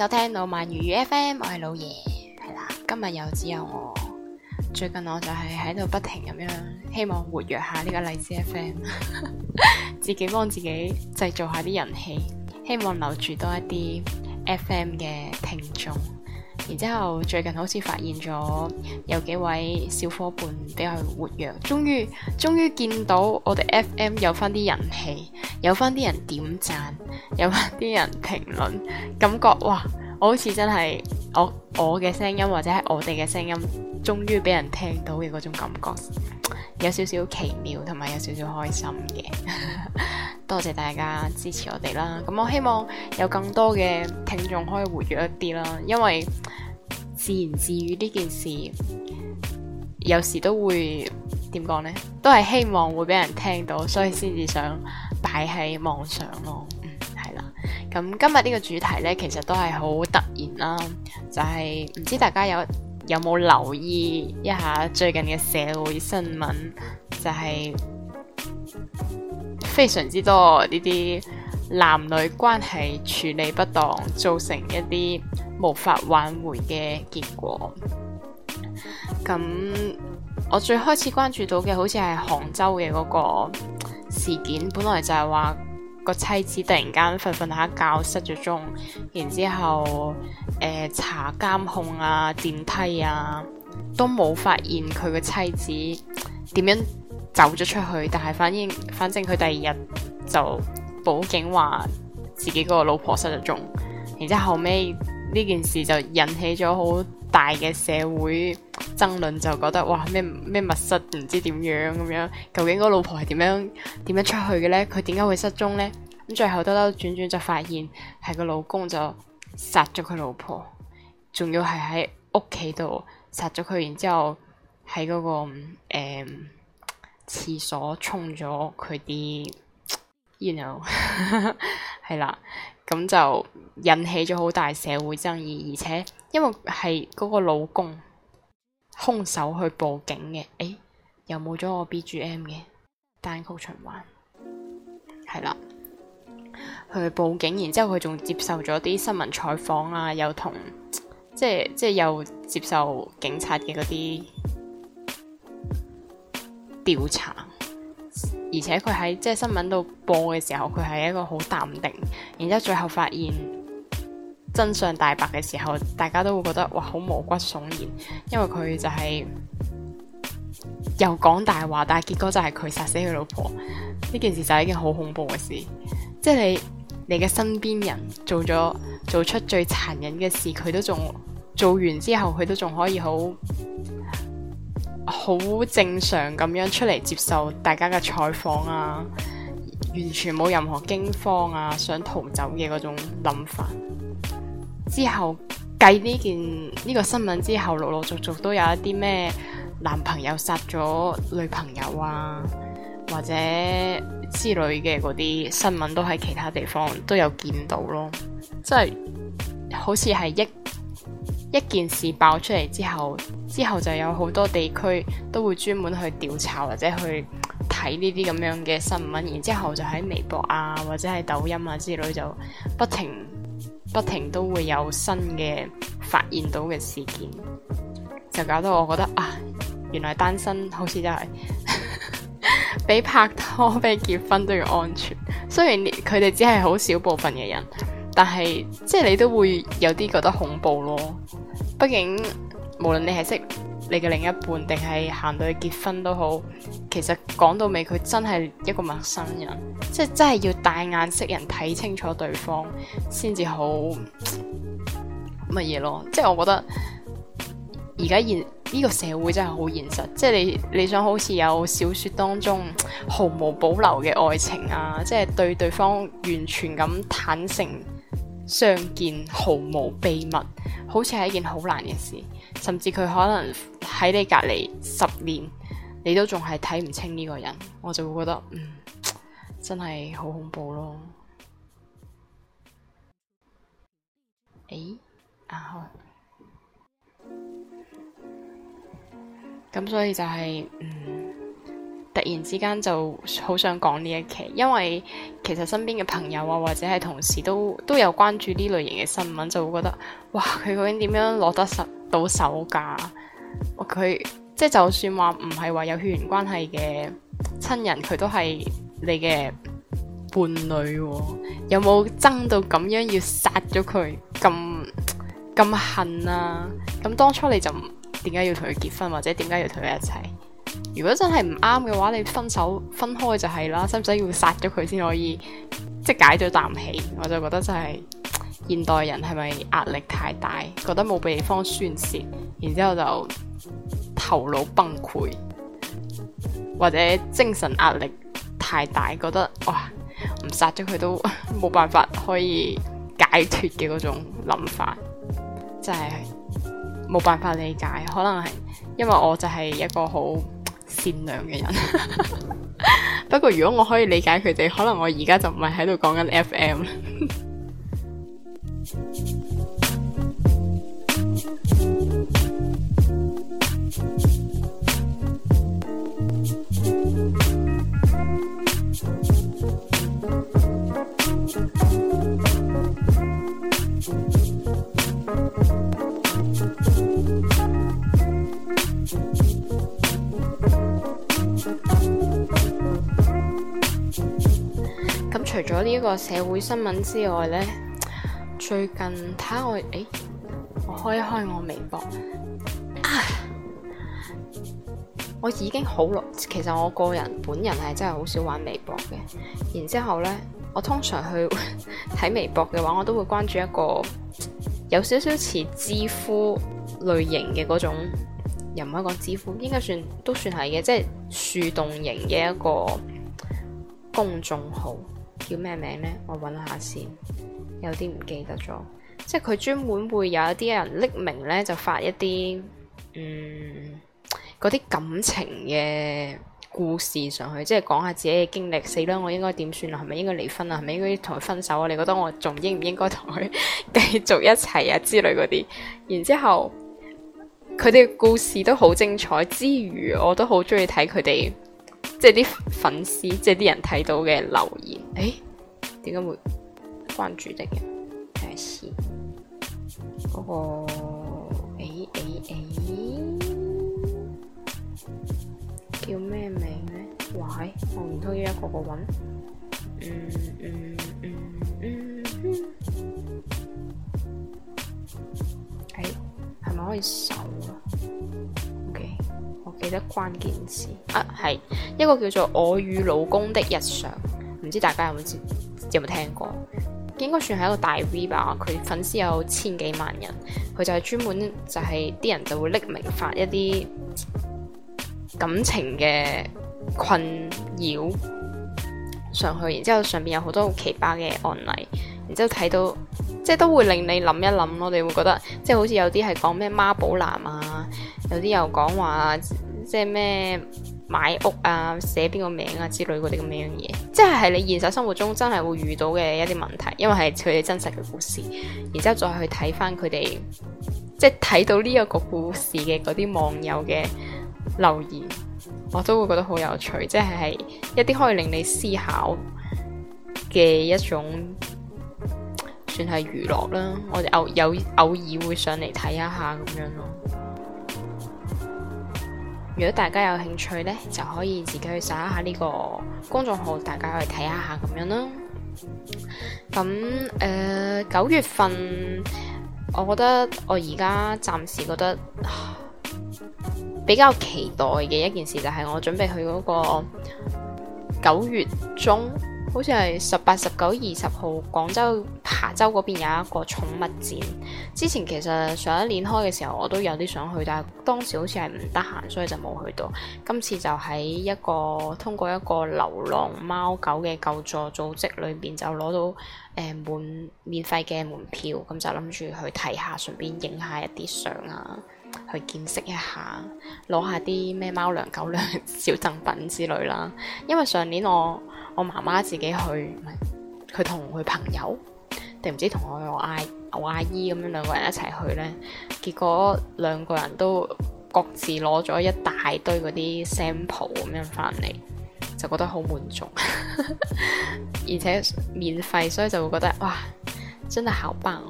收聽老萬如魚魚 FM，我係老爺，係啦，今日又只有我。最近我就係喺度不停咁樣，希望活躍下呢個荔枝 FM， 自己幫自己製造下啲人氣，希望留住多一啲 FM 嘅聽眾。然之後最近好似發現咗有幾位小夥伴比較活躍，終於終於見到我哋 FM 有翻啲人氣，有翻啲人點讚，有翻啲人評論，感覺哇，我好似真係我我嘅聲音或者係我哋嘅聲音，聲音終於俾人聽到嘅嗰種感覺。有少少奇妙，同埋有少少開心嘅， 多謝大家支持我哋啦。咁我希望有更多嘅聽眾可以活躍一啲啦，因為自言自語呢件事有時都會點講呢？都係希望會俾人聽到，所以先至想擺喺網上咯。嗯，係啦。咁今日呢個主題呢，其實都係好突然啦，就係、是、唔知大家有。有冇留意一下最近嘅社會新聞？就係非常之多呢啲男女關係處理不當，造成一啲無法挽回嘅結果。咁我最開始關注到嘅，好似係杭州嘅嗰個事件，本來就係話。個妻子突然間瞓瞓下覺失咗蹤，然之後誒、呃、查監控啊電梯啊，都冇發現佢個妻子點樣走咗出去，但係反正反正佢第二日就報警話自己個老婆失咗蹤，然之後尾呢件事就引起咗好大嘅社會。爭論就覺得哇咩咩密室唔知點樣咁樣，究竟個老婆係點樣點樣出去嘅咧？佢點解會失蹤咧？咁最後兜兜轉轉就發現係個老公就殺咗佢老婆，仲要係喺屋企度殺咗佢，然之後喺嗰個誒廁所沖咗佢啲，You know，係 啦，咁就引起咗好大社會爭議，而且因為係嗰個老公。空手去報警嘅，誒又冇咗我 BGM 嘅單曲循環，係啦。佢去報警，然之後佢仲接受咗啲新聞採訪啊，又同即係即係又接受警察嘅嗰啲調查，而且佢喺即係新聞度播嘅時候，佢係一個好淡定，然之後最後發現，真相大白嘅時候，大家都會覺得哇，好毛骨悚然，因為佢就係又講大話，但係結果就係佢殺死佢老婆呢件事就係一件好恐怖嘅事。即係你你嘅身邊人做咗做出最殘忍嘅事，佢都仲做完之後，佢都仲可以好好正常咁樣出嚟接受大家嘅採訪啊，完全冇任何驚慌啊，想逃走嘅嗰種諗法。之後繼呢件呢個新聞之後，陸陸續續都有一啲咩男朋友殺咗女朋友啊，或者之類嘅嗰啲新聞都喺其他地方都有見到咯，即係好似係一一件事爆出嚟之後，之後就有好多地區都會專門去調查或者去睇呢啲咁樣嘅新聞，然之後就喺微博啊或者係抖音啊之類就不停。不停都會有新嘅發現到嘅事件，就搞到我覺得啊，原來單身好似真係比 拍拖比結婚都要安全。雖然佢哋只係好少部分嘅人，但係即係你都會有啲覺得恐怖咯。畢竟無論你係識你嘅另一半，定係行到去結婚都好，其實講到尾，佢真係一個陌生人，即係真係要大眼識人睇清楚對方，先至好乜嘢咯。即係我覺得而家現呢個社會真係好現實，即係你你想好似有小說當中毫無保留嘅愛情啊，即係對對方完全咁坦誠相見，毫無秘密，好似係一件好難嘅事。甚至佢可能喺你隔籬十年，你都仲係睇唔清呢個人，我就會覺得嗯真係好恐怖咯。咦、欸、啊，好，咁所以就係、是、嗯突然之間就好想講呢一期，因為其實身邊嘅朋友啊，或者係同事都都有關注呢類型嘅新聞，就會覺得哇佢究竟點樣攞得實？到手噶，佢即係就算話唔係話有血緣關係嘅親人，佢都係你嘅伴侶喎。有冇憎到咁樣要殺咗佢咁咁恨啊？咁當初你就點解要同佢結婚，或者點解要同佢一齊？如果真係唔啱嘅話，你分手分開就係啦，使唔使要殺咗佢先可以即係解咗啖氣？我就覺得真係。現代人係咪壓力太大，覺得冇地方宣泄，然之後就頭腦崩潰，或者精神壓力太大，覺得哇，唔殺咗佢都冇辦法可以解脫嘅嗰種諗法，真係冇辦法理解。可能係因為我就係一個好善良嘅人， 不過如果我可以理解佢哋，可能我而家就唔係喺度講緊 FM。 咁除咗呢個社會新聞之外呢？最近睇下我，誒、欸，我開一開我微博啊，我已經好耐。其實我個人本人係真係好少玩微博嘅。然之後呢，我通常去睇 微博嘅話，我都會關注一個有少少似知乎類型嘅嗰種，又唔可以講知乎，應該算都算係嘅，即係樹洞型嘅一個公眾號。叫咩名呢？我揾下先，有啲唔記得咗。即係佢專門會有一啲人匿名呢，就發一啲嗯嗰啲感情嘅故事上去，即係講下自己嘅經歷。死啦！我應該點算啊？係咪應該離婚啊？係咪應該同佢分手啊？你覺得我仲應唔應該同佢繼續一齊啊？之類嗰啲。然之後佢哋嘅故事都好精彩，之餘我都好中意睇佢哋。即係啲粉絲，即係啲人睇到嘅留言，誒、欸，點解會關注的嘅、睇下先，嗰個，誒誒誒，叫咩名咧？喂，我唔通要一個個搵？嗯嗯嗯嗯，嗯。係係咪可以搜？我記得關鍵詞啊，係一個叫做《我與老公的日常》，唔知大家有冇知有冇聽過？應該算係一個大 V 吧，佢粉絲有千幾萬人，佢就係專門就係、是、啲、就是、人就會匿名發一啲感情嘅困擾上去，然之後上面有好多好奇葩嘅案例，然之後睇到。即係都會令你諗一諗咯，你會覺得即係好似有啲係講咩媽寶男啊，有啲又講話即係咩買屋啊、寫邊個名啊之類嗰啲咁樣嘢，即係係你現實生活中真係會遇到嘅一啲問題，因為係佢哋真實嘅故事。然之後再去睇翻佢哋，即係睇到呢一個故事嘅嗰啲網友嘅留言，我都會覺得好有趣，即係係一啲可以令你思考嘅一種。算係娛樂啦，我哋偶有偶爾會上嚟睇一下咁樣咯。如果大家有興趣呢，就可以自己去查下呢個公眾號，大家去睇一下咁樣啦。咁誒，九月份，我覺得我而家暫時覺得比較期待嘅一件事，就係我準備去嗰個九月中。好似係十八、十九、二十號，廣州琶洲嗰邊有一個寵物展。之前其實上一年開嘅時候，我都有啲想去，但係當時好似係唔得閒，所以就冇去到。今次就喺一個通過一個流浪貓狗嘅救助組織裏邊，就攞到誒、呃、滿免費嘅門票，咁、嗯、就諗住去睇下，順便影下一啲相啊。去見識一下，攞下啲咩貓糧、狗糧、小贈品之類啦。因為上年我我媽媽自己去，佢同佢朋友定唔知同我我阿我阿姨咁樣兩個人一齊去呢，結果兩個人都各自攞咗一大堆嗰啲 sample 咁樣翻嚟，就覺得好滿足， 而且免費，所以就會覺得哇～真係好棒，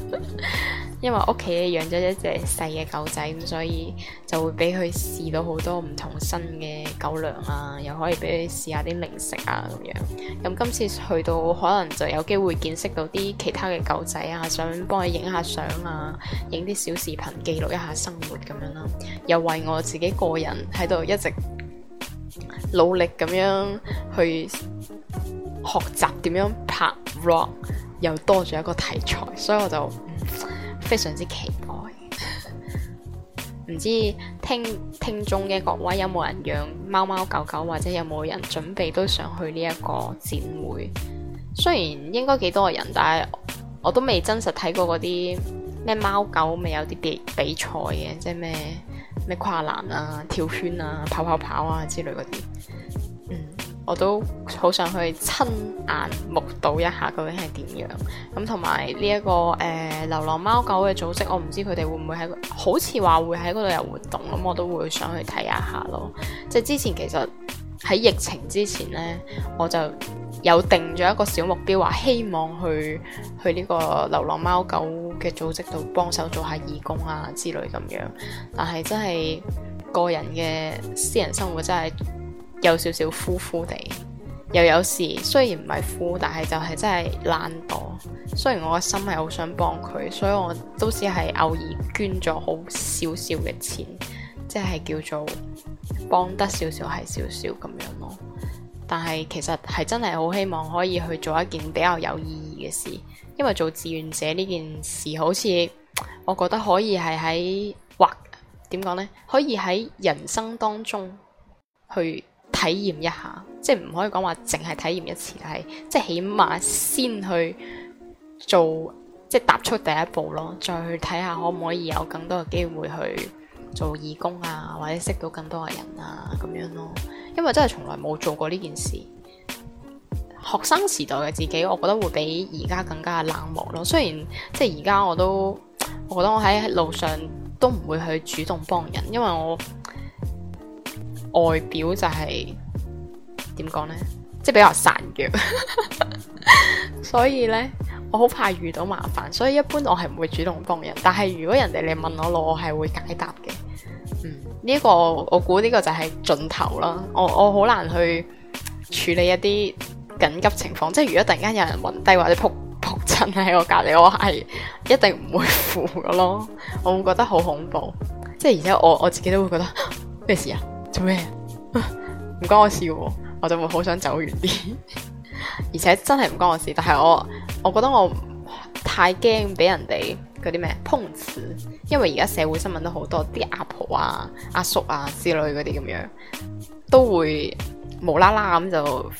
因為屋企養咗一隻細嘅狗仔，咁所以就會俾佢試到好多唔同新嘅狗糧啊，又可以俾佢試下啲零食啊咁樣。咁今次去到可能就有機會見識到啲其他嘅狗仔啊，想幫佢影下相啊，影啲小視頻記錄一下生活咁樣啦。又為我自己個人喺度一直努力咁樣去學習點樣拍 vlog。又多咗一個題材，所以我就、嗯、非常之期待。唔 知聽聽眾嘅各位有冇人養貓貓狗狗，或者有冇人準備都想去呢一個展會？雖然應該幾多人，但係我都未真實睇過嗰啲咩貓狗咪有啲比比賽嘅，即係咩咩跨欄啊、跳圈啊、跑跑跑啊之類嗰啲。我都好想去親眼目睹一下究竟係點樣咁，同埋呢一個誒、呃、流浪貓狗嘅組織，我唔知佢哋會唔會喺好似話會喺嗰度有活動咁，我都會想去睇一下咯。即係之前其實喺疫情之前呢，我就有定咗一個小目標，話希望去去呢個流浪貓狗嘅組織度幫手做下義工啊之類咁樣。但係真係個人嘅私人生活真係。有少少呼呼地，又有時雖然唔係呼，但係就係真係懶惰。雖然我個心係好想幫佢，所以我都只係偶爾捐咗好少少嘅錢，即係叫做幫得少少，係少少咁樣咯。但係其實係真係好希望可以去做一件比較有意義嘅事，因為做志願者呢件事好似我覺得可以係喺或點講呢，可以喺人生當中去。體驗一下，即係唔可以講話淨係體驗一次，但係即係起碼先去做，即係踏出第一步咯，再去睇下可唔可以有更多嘅機會去做義工啊，或者識到更多嘅人啊咁樣咯。因為真係從來冇做過呢件事。學生時代嘅自己，我覺得會比而家更加冷漠咯。雖然即係而家我都，我覺得我喺路上都唔會去主動幫人，因為我。外表就係點講呢？即係比較孱弱，所以呢，我好怕遇到麻煩，所以一般我係唔會主動幫人。但係如果人哋你問我攞，我係會解答嘅。呢、嗯呢個我估呢個就係盡頭啦。我我好難去處理一啲緊急情況，即係如果突然間有人暈低或者扑扑親喺我隔籬，我係一定唔會扶噶咯。我會覺得好恐怖，即係而且我我自己都會覺得咩事啊？做咩？唔 關我事喎，我就會好想走遠啲。 而且真係唔關我事，但係我我覺得我太驚俾人哋嗰啲咩碰瓷，因為而家社會新聞都好多啲阿婆啊、阿叔啊之類嗰啲咁樣，都會無啦啦咁就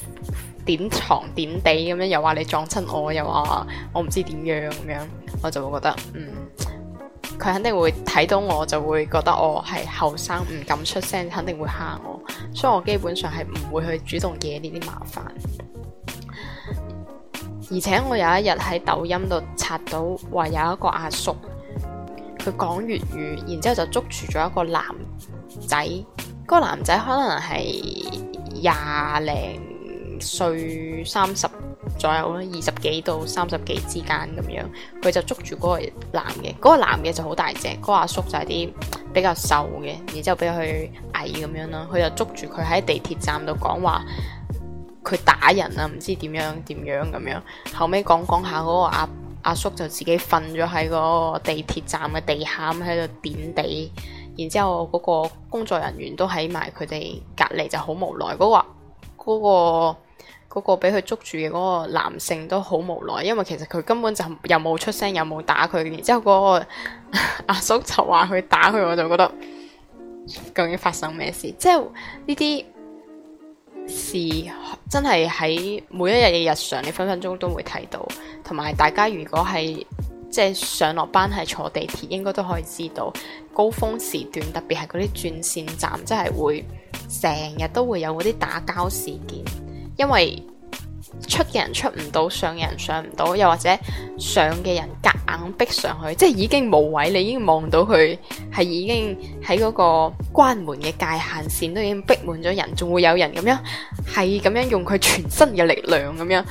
點床點地咁樣，又話你撞親我，又話我唔知點樣咁樣，我就會覺得嗯。佢肯定會睇到我，就會覺得我係後生，唔敢出聲，肯定會嚇我，所以我基本上係唔會去主動惹呢啲麻煩。而且我有一日喺抖音度刷到，話有一個阿叔，佢講粵語，然之後就捉住咗一個男仔，個男仔可能係廿零歲三十。左右二十幾到三十幾之間咁樣，佢就捉住嗰個男嘅，嗰、嗰個男嘅就好大隻，嗰、嗰個阿叔就係啲比較瘦嘅，然之後比佢矮咁樣咯，佢就捉住佢喺地鐵站度講話，佢打人啊，唔知點樣點樣咁樣，後尾講講下嗰個阿阿叔就自己瞓咗喺個地鐵站嘅地下喺度點地，然之後嗰個工作人員都喺埋佢哋隔離就好無奈嗰、嗰個、嗰個。嗰個俾佢捉住嘅嗰個男性都好無奈，因為其實佢根本就又冇出聲，又冇打佢。然之後嗰、那個 阿叔就話佢打佢，我就覺得究竟發生咩事？即係呢啲事真係喺每一日嘅日常，你分分鐘都會睇到。同埋大家如果係即係上落班係坐地鐵，應該都可以知道高峰時段，特別係嗰啲轉線站，真係會成日都會有嗰啲打交事件。因為出嘅人出唔到，上嘅人上唔到，又或者上嘅人夾硬逼上去，即係已經冇位，你已經望到佢係已經喺嗰個關門嘅界限線都已經逼滿咗人，仲會有人咁樣係咁樣用佢全身嘅力量咁樣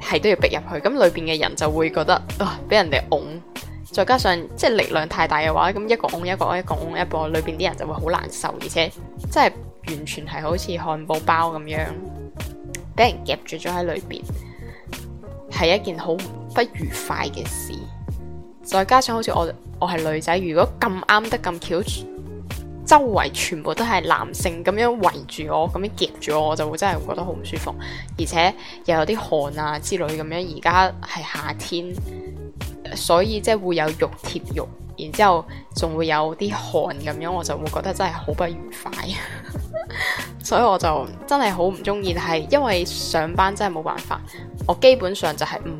係都要逼入去，咁裏邊嘅人就會覺得啊，俾、呃、人哋拱，再加上即係力量太大嘅話，咁一個拱一個，一個拱一個，一,一個，裏邊啲人就會好難受，而且即係。完全係好似漢堡包咁樣，俾人夾住咗喺裏邊，係一件好不愉快嘅事。再加上好似我我係女仔，如果咁啱得咁巧，周圍全部都係男性咁樣圍住我，咁樣夾住我，我就會真係覺得好唔舒服，而且又有啲汗啊之類咁樣。而家係夏天，所以即係會有肉貼肉，然之後仲會有啲汗咁樣，我就會覺得真係好不愉快。所以我就真係好唔中意，但係因為上班真係冇辦法。我基本上就係唔，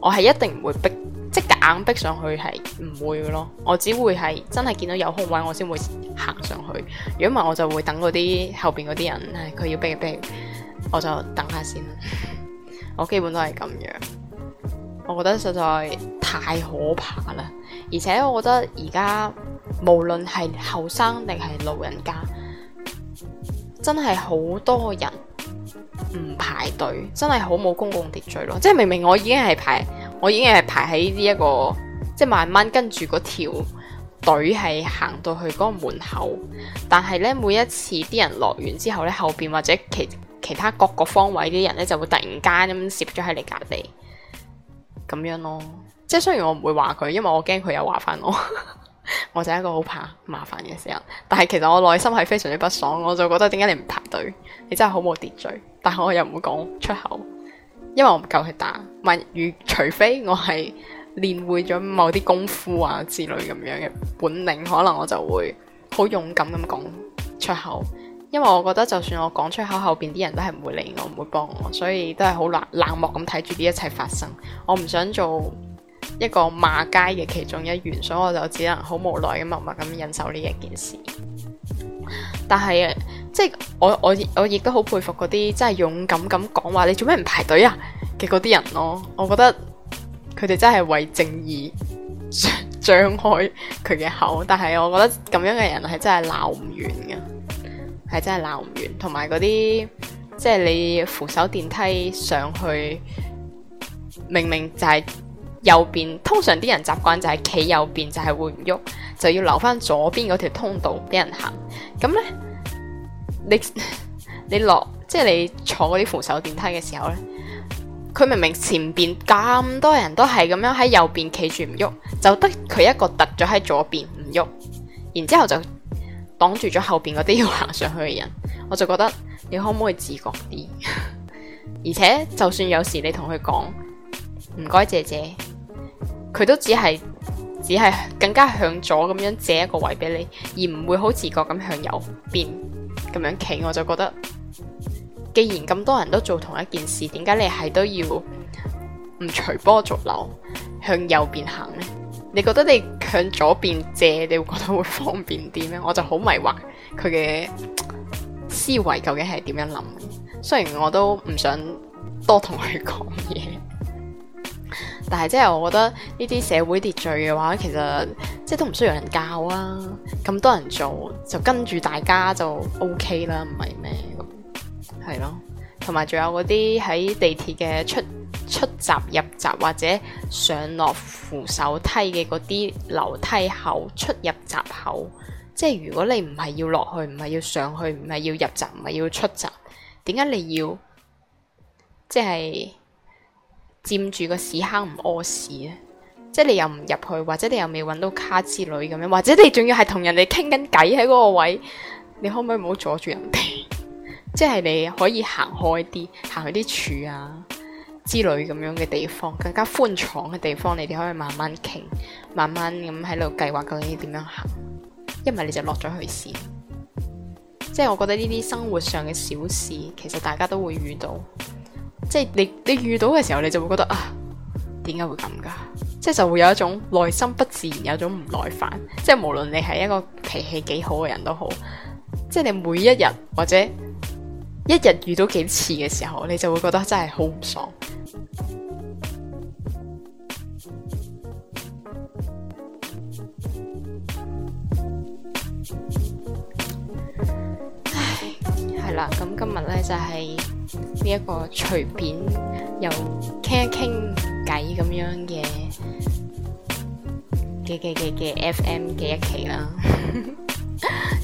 我係一定唔會逼，即硬逼上去係唔會嘅咯。我只會係真係見到有空位，我先會行上去。如果唔係，我就會等嗰啲後邊嗰啲人，唉，佢要逼一逼，我就等下先。 我基本都係咁樣。我覺得實在太可怕啦，而且我覺得而家無論係後生定係老人家。真係好多人唔排隊，真係好冇公共秩序咯！即係明明我已經係排，我已經係排喺呢一個，即係慢慢跟住嗰條隊係行到去嗰個門口，但係呢，每一次啲人落完之後呢，後邊或者其其他各個方位啲人呢，就會突然間咁攝咗喺你隔籬，咁樣咯。即係雖然我唔會話佢，因為我驚佢又話返我。 我就係一個好怕麻煩嘅人，但係其實我內心係非常之不爽，我就覺得點解你唔排隊？你真係好冇秩序，但係我又唔會講出口，因為我唔夠佢打物語。除非我係練會咗某啲功夫啊之類咁樣嘅本領，可能我就會好勇敢咁講出口，因為我覺得就算我講出口後邊啲人都係唔會理我，唔會幫我，所以都係好冷冷漠咁睇住呢一切發生。我唔想做。一個罵街嘅其中一員，所以我就只能好無奈咁默默咁忍受呢一件事。但係，即係我我我亦都好佩服嗰啲真係勇敢咁講話，你做咩唔排隊啊？嘅嗰啲人咯，我覺得佢哋真係為正義張 開佢嘅口。但係，我覺得咁樣嘅人係真係鬧唔完嘅，係真係鬧唔完。同埋嗰啲即係你扶手電梯上去，明明就係、是。右邊通常啲人習慣就係企右邊，就係會唔喐，就要留翻左邊嗰條通道俾人行。咁呢，你落 即係你坐嗰啲扶手電梯嘅時候呢，佢明明前邊咁多人都係咁樣喺右邊企住唔喐，就得佢一個突咗喺左邊唔喐，然之後就擋住咗後邊嗰啲要行上去嘅人。我就覺得你可唔可以自覺啲？ 而且就算有時你同佢講唔該，姐姐。」佢都只係只係更加向左咁樣借一個位俾你，而唔會好自覺咁向右邊咁樣企，我就覺得，既然咁多人都做同一件事，點解你係都要唔隨波逐流向右邊行呢？你覺得你向左邊借你會覺得會方便啲咩？我就好迷惑佢嘅思維究竟係點樣諗？雖然我都唔想多同佢講嘢。但係即係，我覺得呢啲社會秩序嘅話，其實即係都唔需要有人教啊！咁多人做，就跟住大家就 OK 啦，唔係咩？係咯，同埋仲有嗰啲喺地鐵嘅出出閘入閘或者上落扶手梯嘅嗰啲樓梯口、出入閘口，即係如果你唔係要落去，唔係要上去，唔係要入閘，唔係要出閘，點解你要即係？佔住個屎坑唔屙屎啊！即係你又唔入去，或者你又未揾到卡之類咁樣，或者你仲要係同人哋傾緊偈喺嗰個位，你可唔可以唔好阻住人哋？ 即係你可以行開啲，行去啲柱啊之類咁樣嘅地方，更加寬敞嘅地方，你哋可以慢慢傾，慢慢咁喺度計劃究竟點樣行。一唔係你就落咗去先。即係我覺得呢啲生活上嘅小事，其實大家都會遇到。即係你你遇到嘅時候，你就會覺得啊，點解會咁㗎？即係就會有一種內心不自然，有種唔耐煩。即係無論你係一個脾氣幾好嘅人都好，即係你每一日或者一日遇到幾次嘅時候，你就會覺得真係好唔爽。 唉，係啦，咁今日呢就係、是。呢一個隨便又傾一傾偈咁樣嘅嘅嘅嘅嘅 FM 嘅一期啦，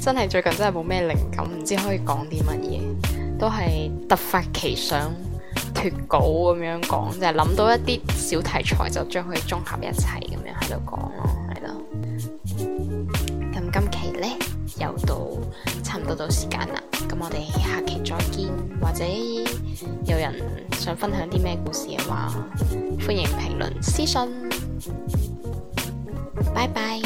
真係 最近真係冇咩靈感，唔知可以講啲乜嘢，都係突發奇想脫稿咁樣講，就係、是、諗到一啲小題材就將佢綜合一齊咁樣喺度講咯，係咯。咁今期呢，又到。到到時間啦，咁我哋下期再見。或者有人想分享啲咩故事嘅話，歡迎評論、私信。拜拜。